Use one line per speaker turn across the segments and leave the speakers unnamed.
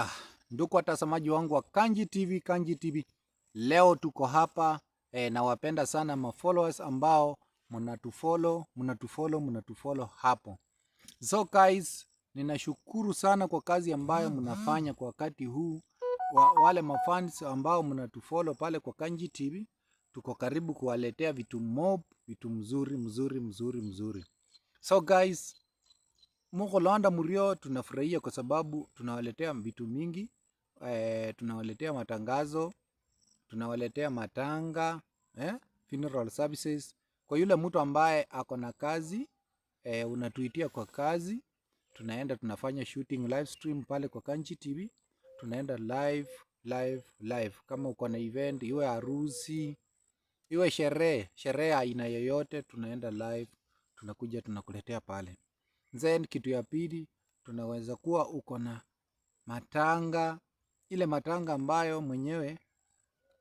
Haya, ndugu watazamaji wangu wa Kanji TV, Kanji TV, leo tuko hapa e, nawapenda sana ma followers ambao mnatufollow mnatufollow mnatufollow hapo. So guys, ninashukuru sana kwa kazi ambayo mm-hmm. mnafanya kwa wakati huu wa, wale mafans ambao mnatufollow pale kwa Kanji TV, tuko karibu kuwaletea vitu mob, vitu mzuri mzuri mzuri mzuri. So guys Mugholanda murio tunafurahia kwa sababu tunawaletea vitu mingi e, tunawaletea matangazo, tunawaletea matanga eh, funeral services. Kwa yule mtu ambaye ako na kazi e, unatuitia kwa kazi, tunaenda tunafanya shooting live stream pale kwa Kanchi TV, tunaenda live live live. Kama uko na event, iwe harusi, iwe sherehe sherehe aina yoyote, tunaenda live, tunakuja tunakuletea pale. Then kitu ya pili tunaweza kuwa uko na matanga, ile matanga ambayo mwenyewe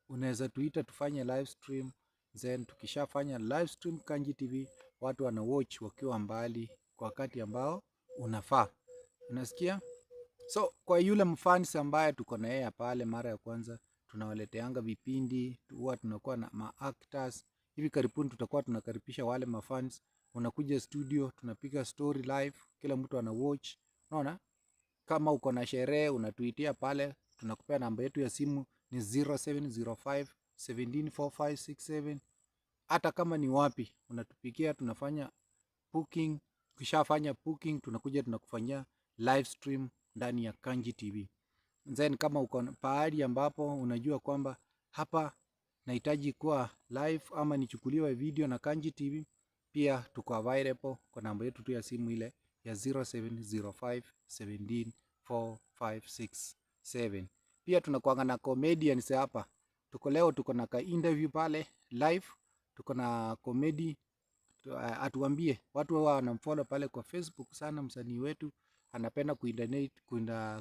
unaweza tuita tufanye live stream. Then tukishafanya live stream Kanji TV, watu wana watch wakiwa mbali kwa wakati ambao unafaa, unasikia. So kwa yule mfans ambaye tuko na yeye pale mara ya kwanza, tunawaleteanga vipindi, huwa tunakuwa na ma actors. Hivi karibuni tutakuwa tunakaribisha wale mafans unakuja studio, tunapiga story live, kila mtu ana watch. Unaona, kama uko na sherehe unatuitia pale, tunakupea namba yetu ya simu ni 0705 174567 hata kama ni wapi unatupikia, tunafanya booking. Ukishafanya booking, tunakuja tunakufanyia live stream ndani ya Kanji TV. Then kama uko pahali ambapo unajua kwamba hapa nahitaji kuwa live ama nichukuliwe video na Kanji TV, pia tuko available kwa namba yetu tu ya simu ile ya 0705174567. pia tunakuanga na comedians hapa. Tuko leo tuko na ka interview pale live, tuko na comedy ah, atuambie. Watu wao wanamfollow pale kwa Facebook sana, msanii wetu anapenda kuentertain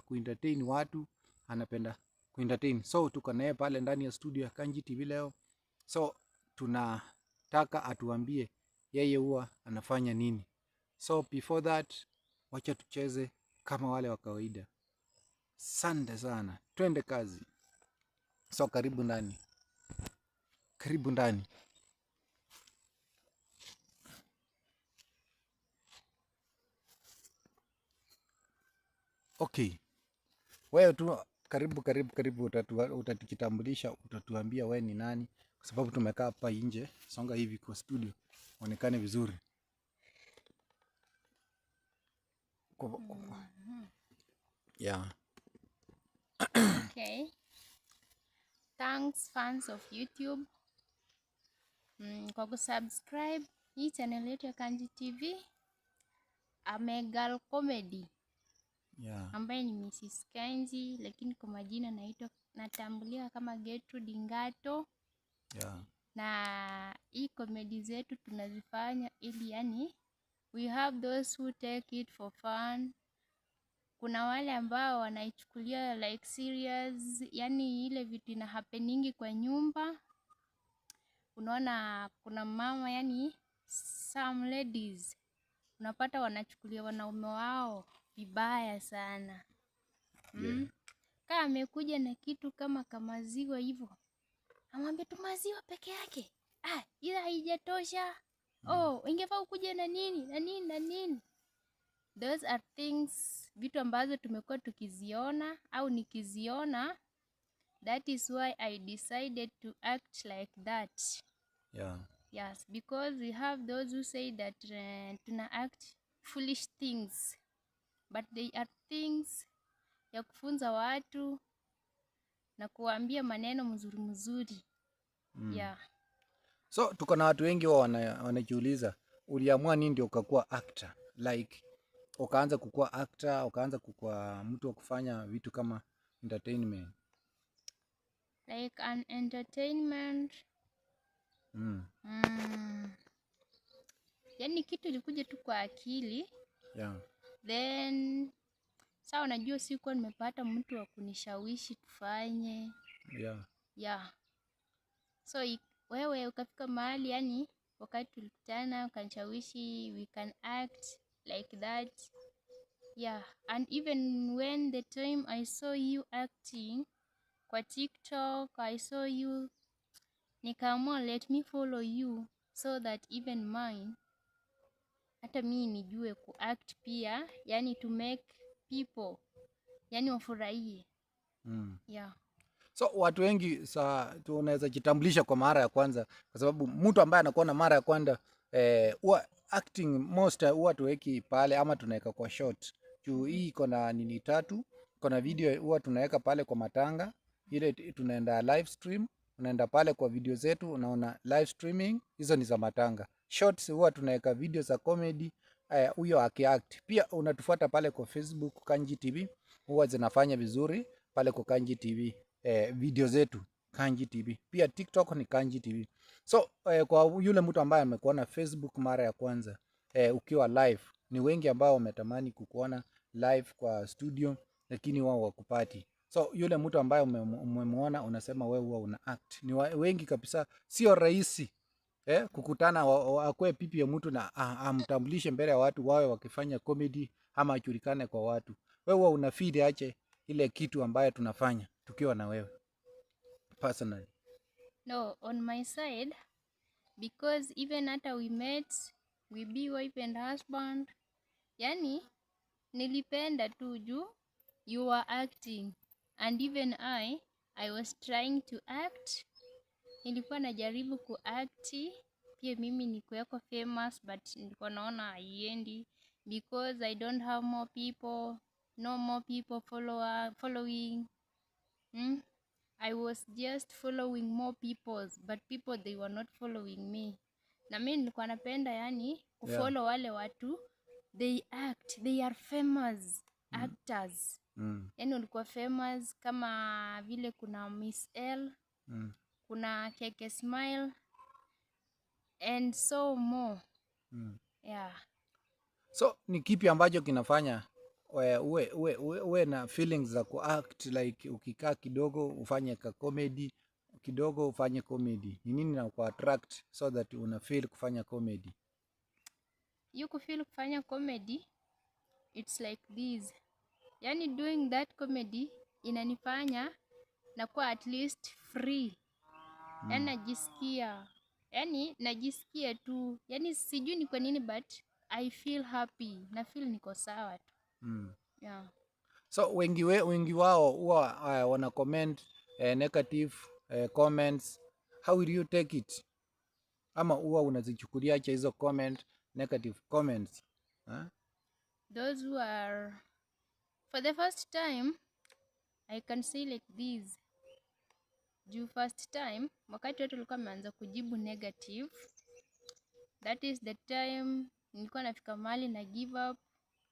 kuentertain watu, anapenda kuentertain. So tuko naye pale ndani ya studio ya Kanji TV leo, so tunataka atuambie yeye huwa anafanya nini. So before that, wacha tucheze kama wale wa kawaida. Sante sana, twende kazi. So karibu ndani, karibu ndani. Okay, wewe tu karibu karibu karibu, utatukitambulisha, utatuambia wee ni nani, kwa sababu tumekaa hapa nje. Songa hivi kwa studio onekane vizuri
Kupa, mm-hmm. Yeah. Okay. Thanks fans of YouTube mm, kwa kusubscribe hii channel yetu ya Kanji TV Amegal Comedy yeah, ambaye ni Mrs. Kanji lakini kwa majina naitwa natambuliwa kama Gertrude Ngato yeah na hii comedy zetu tunazifanya ili yani, we have those who take it for fun. Kuna wale ambao wanaichukulia like serious, yani ile vitu ina happeningi kwa nyumba. Unaona, kuna mama yani, some ladies unapata wanachukulia wanaume wao vibaya sana mm? yeah. Kaa amekuja na kitu kama kamaziwa hivyo Namwambia tu maziwa peke yake. Ah, ila haijatosha. Hmm. Oh, ingefaa ukuje na nini na nini na nini. Those are things, vitu ambazo tumekuwa tukiziona au nikiziona. That is why I decided to act like that. Yeah. Yes, because we have those who say that uh, tuna act foolish things but they are things ya kufunza watu na kuwaambia maneno mzuri mzuri. Mm. Yeah.
So tuko na watu wengi wao wanajiuliza uliamua nini ndio ukakuwa actor? Like ukaanza kukua actor, ukaanza kukua mtu wa kufanya vitu kama entertainment.
Like an entertainment. Mm. Mm. Yaani kitu ilikuja tu kwa akili. Yeah. Then saa unajua sikuwa nimepata mtu wa kunishawishi tufanye. Yeah. Yeah so wewe ukafika mahali yani, wakati tulikutana ukanishawishi we can act like that yeah and even when the time I saw you acting kwa TikTok I saw you nikaamua let me follow you so that even mine hata mi nijue kuact pia, yani to make people yani wafurahie mm. yeah
So watu wengi sa tunaweza jitambulisha kwa mara ya kwanza, kwa sababu mtu ambaye anakuwa na mara ya kwanza eh, acting most huwa tuweki pale ama tunaweka kwa short juu hii iko na nini tatu, iko na video huwa tunaweka pale kwa matanga ile, tunaenda live stream, unaenda pale kwa video zetu, unaona live streaming, hizo ni za matanga. Shorts huwa tunaweka video za comedy eh, huyo uh, akiact pia. Unatufuata pale kwa Facebook Kanji TV, huwa zinafanya vizuri pale kwa Kanji TV eh, video zetu Kanji TV. Pia TikTok ni Kanji TV. So eh, kwa yule mtu ambaye amekuona Facebook mara ya kwanza eh, ukiwa live, ni wengi ambao wametamani kukuona live kwa studio, lakini wao wakupati. So yule mtu ambaye umemwona unasema wewe huwa una act. Ni wengi kabisa, sio rahisi eh, kukutana akwe pipi ya mtu na amtambulishe mbele ya watu wawe wakifanya comedy ama ajulikane kwa watu. Wewe huwa una feed ache ile kitu ambayo tunafanya tukiwa na wewe personally?
No, on my side because even hata we met we be wife and husband, yani nilipenda tu juu you were acting and even I I was trying to act, nilikuwa najaribu kuacti pia mimi nikuweko famous but nilikuwa naona haiendi because I don't have more people no more people follower, following Mm? I was just following more peoples, but people they were not following me. Na mimi nilikuwa napenda yani kufollow yeah. Wale watu they act, they are famous mm. actors mm. Yani walikuwa famous kama vile kuna Miss L mm. kuna Keke Smile and so more mm. yeah.
So ni kipi ambacho kinafanya Eh, uwe, uwe, uwe, uwe na feelings za kuact like ukikaa kidogo ufanye ka comedy kidogo ufanye comedy. Ni nini na ku attract so that una feel kufanya comedy?
You could feel kufanya comedy it's like this. Yani doing that comedy inanifanya na nakuwa at least free Mm. Yani najisikia yani najisikia tu yani sijui ni kwa nini but I feel happy na feel niko sawa tu. Mm.
So wengi, we, wengi wao huwa uh, wana comment uh, negative uh, comments. How will you take it? Ama huwa unazichukulia cha hizo comment negative comments? Huh?
Those who are for the first time I can say like this. Juu first time wakati watu walikuwa wameanza kujibu negative, that is the time nilikuwa nafika mahali na give up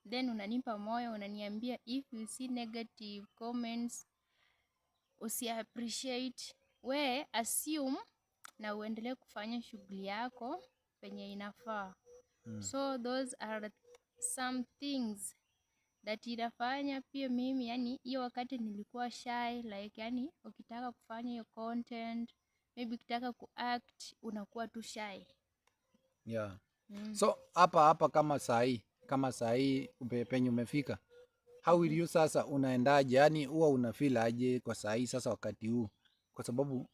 then unanipa moyo, unaniambia if you see negative comments usi appreciate, we assume na uendelee kufanya shughuli yako penye inafaa. Hmm. So those are some things that inafanya pia mimi, yani hiyo wakati nilikuwa shy like, yani ukitaka kufanya hiyo content maybe ukitaka kuact unakuwa tu shy.
Yeah. Mm. So hapa hapa kama saa hii kama saa hii penye umefika, how will you sasa unaendaje? Yani huwa unafeel aje kwa saa hii sasa, wakati huu, kwa sababu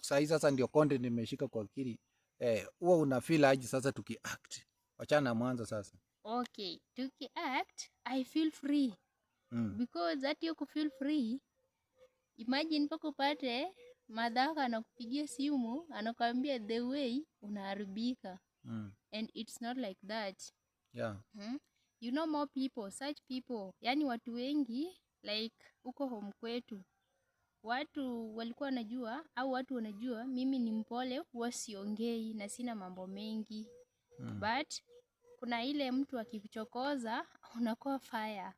saa hii sasa ndio content nimeshika kwa akili eh, huwa unafeel aje sasa tukiact? Wachana na mwanzo sasa.
Okay, tukiact I feel free mm. Because hati feel free, imagine mpaka upate madhaka anakupigia simu anakuambia the way unaharibika mm. And it's not like that yeah. hmm? you know more people such people, yani watu wengi like huko home kwetu watu walikuwa wanajua au watu wanajua mimi ni mpole, huwa siongei na sina mambo mengi mm. But kuna ile mtu akikuchokoza unakuwa fire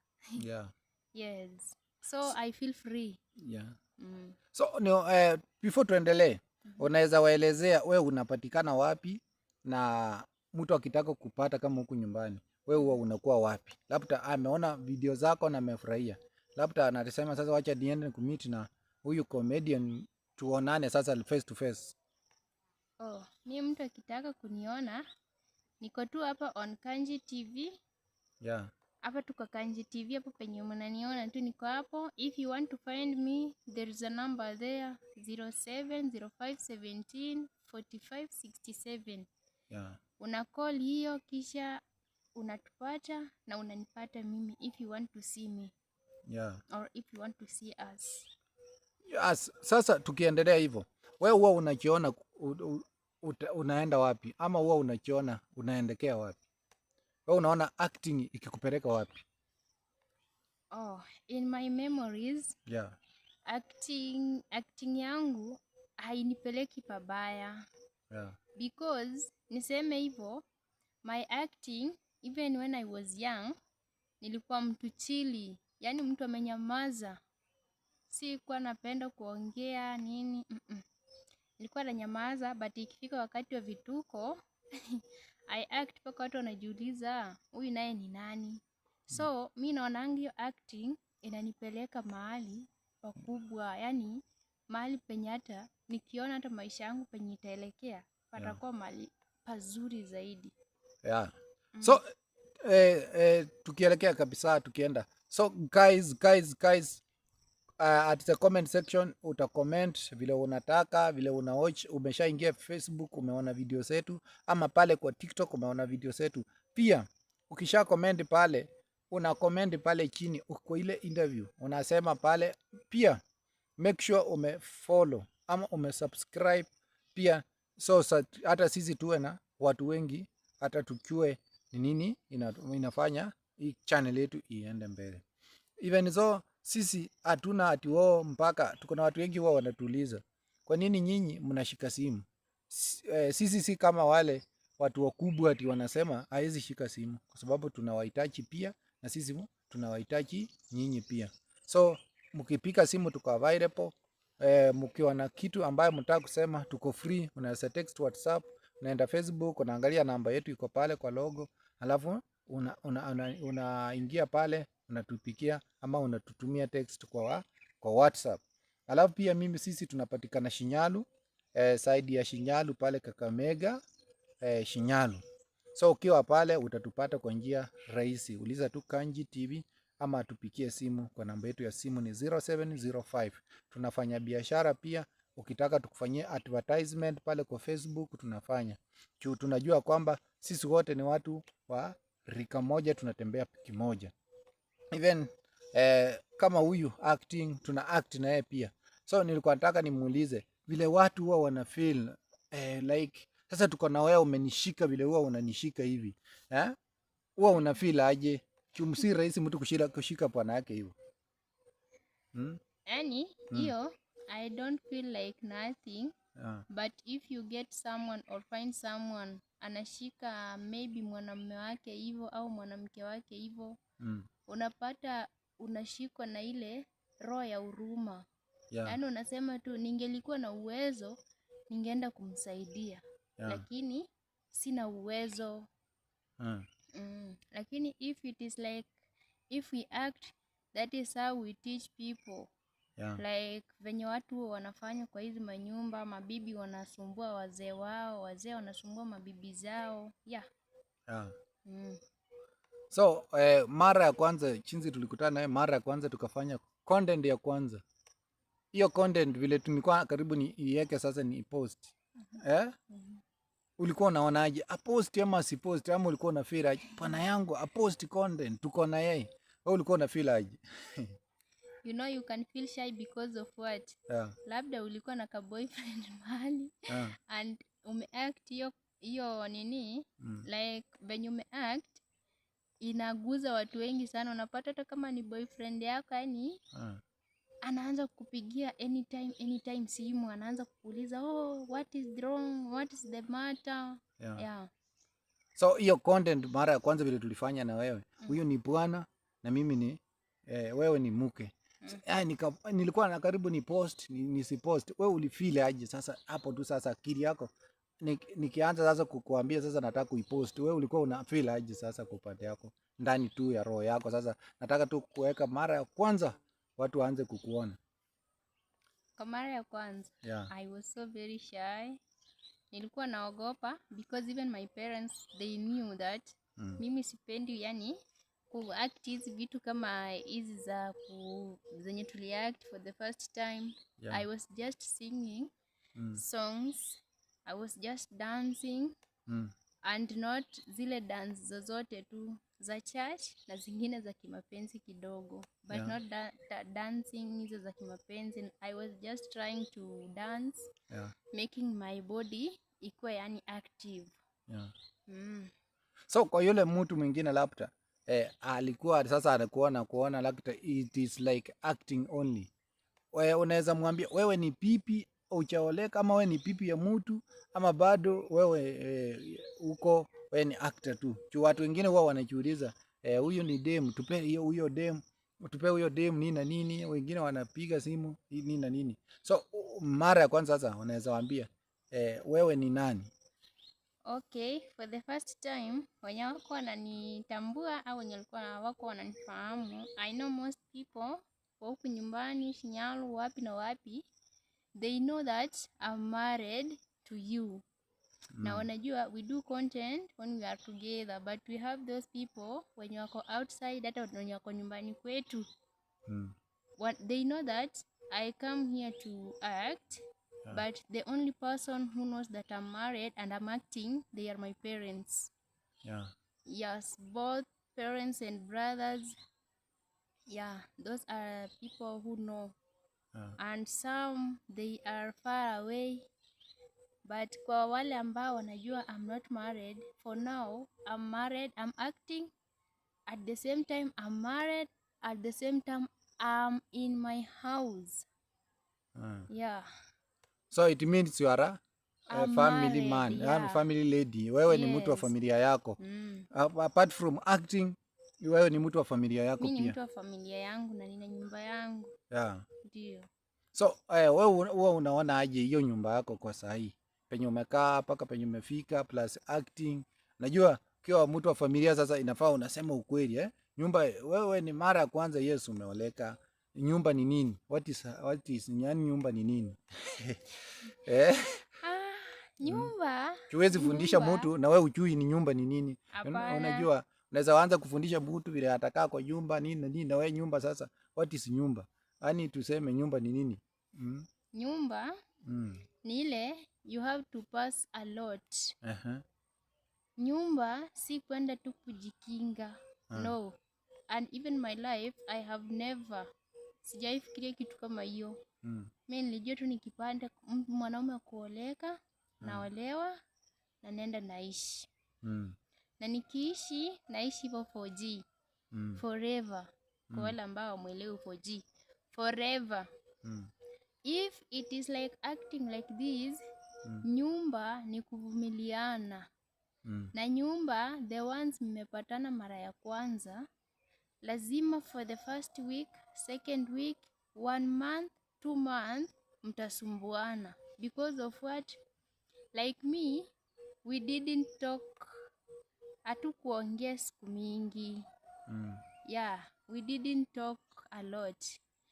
yeah. Yes, so I feel free yeah. Mm.
So no, uh, before tuendelee mm -hmm. Unaweza waelezea we unapatikana wapi na mtu akitaka kupata kama huku nyumbani, wewe huwa unakuwa wapi? Labda ameona video zako na amefurahia, labda anasema sasa, wacha niende kumit na huyu comedian tuonane sasa face to face.
Oh, ni mtu akitaka kuniona niko tu hapa on Kanji TV. Yeah. Hapa tuko Kanji TV hapo penye mnaniona tu niko hapo. If you want to find me, there is a number there 0705174567. Yeah una call hiyo kisha unatupata na unanipata mimi if you want to see me yeah. or if you want to see us
yes. Sasa tukiendelea hivyo, wewe huwa unakiona unaenda wapi, ama huwa unakiona unaendekea wapi? Wewe unaona acting ikikupeleka wapi?
Oh, in my memories yeah. acting, acting yangu hainipeleki pabaya yeah. because Niseme hivyo, my acting even when I was young, nilikuwa mtu chili, yaani mtu amenyamaza, sikuwa napenda kuongea nini mm -mm. Nilikuwa nanyamaza but ikifika wakati wa vituko I act mpaka watu wanajiuliza huyu naye ni nani? So mi naonanga hiyo acting inanipeleka mahali pakubwa, yani mahali penye hata nikiona hata maisha yangu penye itaelekea patakuwa mahali pazuri zaidi
yeah. mm. so eh, eh, tukielekea kabisa tukienda so guys, guys, guys uh, at the comment section uta comment vile unataka vile una watch. Umeshaingia Facebook umeona video zetu, ama pale kwa TikTok umeona video zetu pia. Ukisha comment pale, una comment pale chini kwa ile interview unasema pale pia, make sure umefollow ama umesubscribe pia So hata sisi tuwe na watu wengi, hata tukiwe ni nini inafanya hii channel yetu iende mbele. Even so sisi hatuna ati wao, mpaka tuko na watu wengi wao wanatuuliza kwa nini nyinyi mnashika simu. Eh, sisi si kama wale watu wakubwa ati wanasema haizi shika simu, kwa sababu tunawahitaji pia na sisi tunawahitaji nyinyi pia. So mkipika simu tuko available eh, mkiwa na kitu ambayo mtaka kusema, tuko free, unaweza text WhatsApp, unaenda Facebook, unaangalia namba yetu iko pale kwa logo, alafu unaingia una, una, una pale unatupikia ama unatutumia text kwa, wa, kwa WhatsApp. Alafu pia mimi sisi tunapatikana Shinyalu eh, side ya Shinyalu pale Kakamega eh, Shinyalu. So ukiwa pale utatupata kwa njia rahisi, uliza tu Kanji TV ama tupikie simu kwa namba yetu ya simu ni 0705. Tunafanya biashara pia, ukitaka tukufanyie advertisement pale kwa Facebook tunafanya. Chu, tunajua kwamba sisi wote ni watu wa rika moja, tunatembea piki moja. Even eh, kama huyu acting tuna act na yeye pia. So nilikuwa nataka nimuulize vile watu huwa wana feel eh, like sasa tuko na wewe umenishika vile huwa unanishika hivi. Eh? Huwa una feel aje? chumsi rahisi mtu kushika, kushika bwana yake hivyo hmm?
Yani hmm. hiyo hmm. I don't feel like nothing yeah. But if you get someone or find someone anashika maybe mwanamume wake hivyo au mwanamke wake hivyo mm. Unapata unashikwa na ile roho ya huruma yeah. Yaani unasema tu ningelikuwa na uwezo ningeenda kumsaidia yeah. Lakini sina uwezo yeah. Hmm. Mm. Lakini if it is like if we act that is how we teach people yeah. Like venye watu wanafanya kwa hizi manyumba, mabibi wanasumbua wazee wao, wazee wanasumbua mabibi zao yeah. Yeah. Mm.
So eh, mara ya kwanza chinzi tulikutana naye mara ya kwanza tukafanya content ya kwanza hiyo content vile tumekuwa karibu ni iweke sasa ni post. Mm-hmm. Eh? Mm -hmm. Eh? ulikuwa unaonaje apost ama asipost, ama ulikuwa una feel aje? Bwana yangu apost content tuko na yeye, au ulikuwa una feel aje?
You know you can feel shy because of what? Yeah. Labda ulikuwa na ka boyfriend mahali yeah. And ume act hiyo hiyo nini mm. Like when you act inaguza watu wengi sana, unapata hata kama ni boyfriend yako yani yeah anaanza kukupigia anytime anytime, simu anaanza kukuuliza oh, what is wrong, what is the matter yeah. Yeah.
So hiyo content mara ya kwanza vile tulifanya na wewe mm. huyu mm. ni bwana na mimi ni eh, wewe ni mke mm. So, ya, ah, nika, nilikuwa na karibu ni post nisipost, ni wewe ulifeel aje? Sasa hapo tu sasa akili yako nikianza ni sasa kukuambia sasa nataka kuipost, wewe ulikuwa una feel aje sasa kwa upande yako ndani tu ya roho yako? Sasa nataka tu kuweka mara ya kwanza watu waanze kukuona?
Kwa mara ya kwanza yeah. I was so very shy. Nilikuwa naogopa because even my parents they knew that mm. Mimi sipendi yani kuact hizi vitu kama hizi za ku zenye tuliact for the first time yeah. I was just singing mm. songs I was just dancing mm and not zile dance zozote tu za church na zingine za kimapenzi kidogo but yeah. not da da dancing hizo za kimapenzi. I was just trying to dance yeah. making my body ikuwe yani active yeah. mm.
So kwa yule mtu mwingine labda eh, alikuwa sasa anakuona kuona labda it is like acting only, unaweza mwambia wewe ni pipi uchaoleka kama we ni pipi ya mtu ama bado wewe e, uko wewe ni actor tu. Chu watu wengine huwa wanajiuliza eh, huyo e, ni dem, tupe hiyo huyo dem, tupe huyo dem nini na nini. Wengine wanapiga simu nini na nini. So mara ya kwanza sasa unaweza waambia e, wewe ni nani?
Okay, for the first time wenye wako wananitambua au wenye walikuwa wako wananifahamu, I know most people wa huku nyumbani Shinyalu, wapi na wapi they know that I'm married to you mm. na unajua we do content when we are together but we have those people wenye wako outside hata wenye wako nyumbani kwetu mm. What, they know that I come here to act yeah. but the only person who knows that I'm married and I'm acting they are my parents yeah. yes both parents and brothers yeah those are people who know Ah. and some they are far away but kwa wale ambao wanajua I'm not married for now I'm married I'm acting at the same time I'm married at the same time I'm in my house uh. yeah
so it means you are a, a family married, man yeah. a family lady wewe yes. ni mtu wa familia yako mm. apart from acting wewe ni mtu wa familia yako pia. Mimi ni mtu
wa familia yangu na nina nyumba yangu. Yeah. Ndio.
So, eh, wewe wewe unaona aje hiyo nyumba yako kwa hii? Penye umekaa paka penye umefika plus acting. Najua ukiwa mtu wa familia sasa inafaa unasema ukweli eh? Nyumba wewe ni mara ya kwanza Yesu umeoleka. Nyumba ni nini? What is what is yani nyumba ni nini? eh?
Ah, nyumba. nyumba.
Huwezi fundisha mtu na wewe ujui ni nyumba ni nini. Apana. Unajua Unaweza anza kufundisha mtu vile atakaa kwa nyumba nini na nini, na wewe nyumba sasa, what is nyumba? Yaani tuseme nyumba ni nini? Mm.
Nyumba mm. ni ile you have to pass a lot. Uh -huh. Nyumba si kwenda tu kujikinga. Uh ah. -huh. No. And even my life I have never sijaifikiria kitu kama hiyo. Mm. Mimi nilijua tu nikipanda mwanaume kuoleka, mm. naolewa na nenda naishi. Mm na nikiishi naishi hivyo 4G mm. forever mm. kwa wale ambao wamwelewi 4G forever mm. if it is like acting like this mm. nyumba ni kuvumiliana mm. na nyumba the ones mmepatana mara ya kwanza lazima for the first week second week one month two month mtasumbuana because of what like me we didn't talk hatukuongea siku mingi mm. yeah, we didn't talk a lot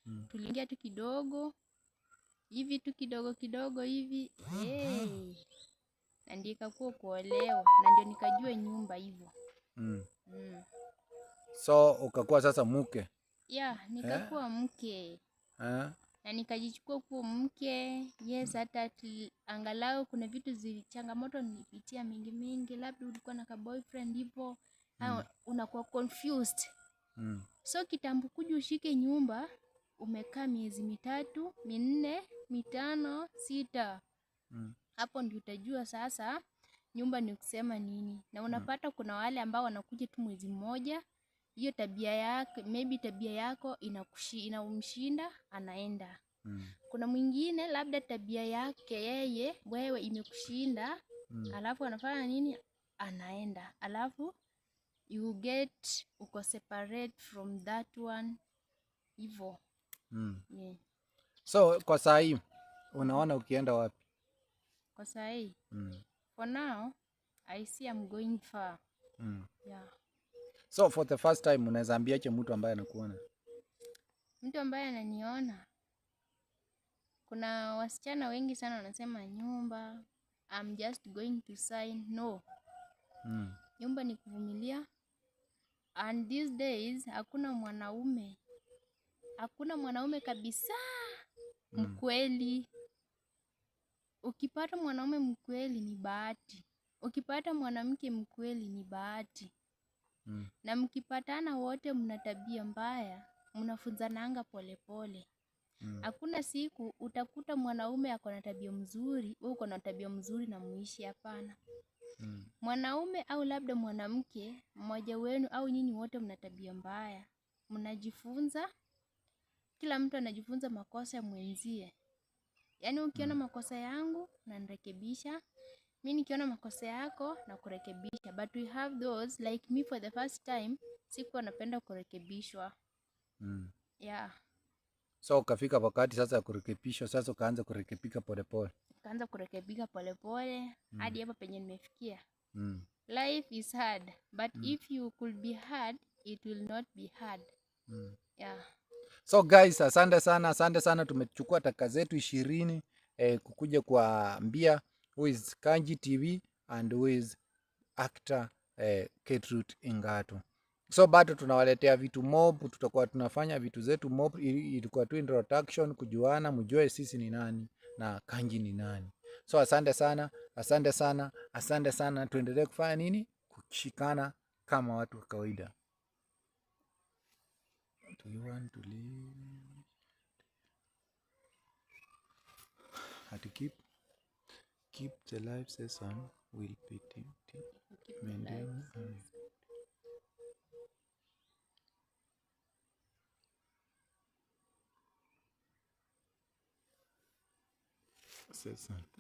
mm. tuliongea tu kidogo hivi tu kidogo kidogo hivi hey. na ndio ikakuwa kuolewa na ndio nikajua nyumba hivyo mm. mm.
so ukakuwa sasa mke
yeah nikakuwa yeah. mke yeah na nikajichukua kuwa mke. Yes, mm. hata angalau kuna vitu zilichangamoto changamoto nilipitia mingi mingi, labda ulikuwa na ka boyfriend hivyo mm. unakuwa confused mm. so kitambo kuja ushike nyumba, umekaa miezi mitatu minne mitano sita mm. hapo ndio utajua sasa nyumba ni kusema nini, na mm. unapata mm. kuna wale ambao wanakuja tu mwezi mmoja hiyo tabia yake, maybe tabia yako inakushi, inamshinda anaenda mm. Kuna mwingine labda tabia yake yeye wewe imekushinda mm. Alafu anafanya nini? Anaenda alafu you get uko separate from that one hivyo mm. yeah.
So kwa saa hii unaona ukienda wapi
kwa saa hii mm. For now I see I'm going far mm. yeah.
So for the first time unaweza ambiaje mtu ambaye anakuona?
Mtu ambaye ananiona, kuna wasichana wengi sana wanasema nyumba, I'm just going to sign no. Mm. Nyumba ni kuvumilia, and these days hakuna mwanaume, hakuna mwanaume kabisa hmm. mkweli. Ukipata mwanaume mkweli ni bahati, ukipata mwanamke mkweli ni bahati. Mm. na mkipatana wote mna tabia mbaya, mnafunzananga polepole mm. hakuna mm. siku utakuta mwanaume ako na tabia mzuri, wewe uko na tabia mzuri na muishi, hapana. mm. Mwanaume au labda mwanamke mmoja wenu au nyinyi wote mna tabia mbaya, mnajifunza, kila mtu anajifunza makosa ya mwenzie. Yaani, ukiona mm. makosa yangu nanrekebisha mi nikiona makosa yako na kurekebisha, but we have those like me for the first time sikuwa napenda kurekebishwa mm. Yeah.
So ukafika wakati sasa ya kurekebishwa, sasa ukaanza kurekebika polepole,
ukaanza kurekebika polepole mm. hadi hapa penye nimefikia. mm. Life is hard but mm. if you could be hard it will not be hard. mm. Yeah.
So guys, asante sana, asante sana, tumechukua taka zetu ishirini eh, kukuja kuambia with Kanji TV and with actor eh, Ketrut Ingato. So bado tunawaletea vitu mob, tutakuwa tunafanya vitu zetu mob, ilikuwa tu introduction, kujuana, mjue sisi ni nani na Kanji ni nani. So asante sana, asante sana, asante sana. Tuendelee kufanya nini? Kushikana kama watu wa kawaida. Do you want to leave? Keep the live session will be maintained. Session.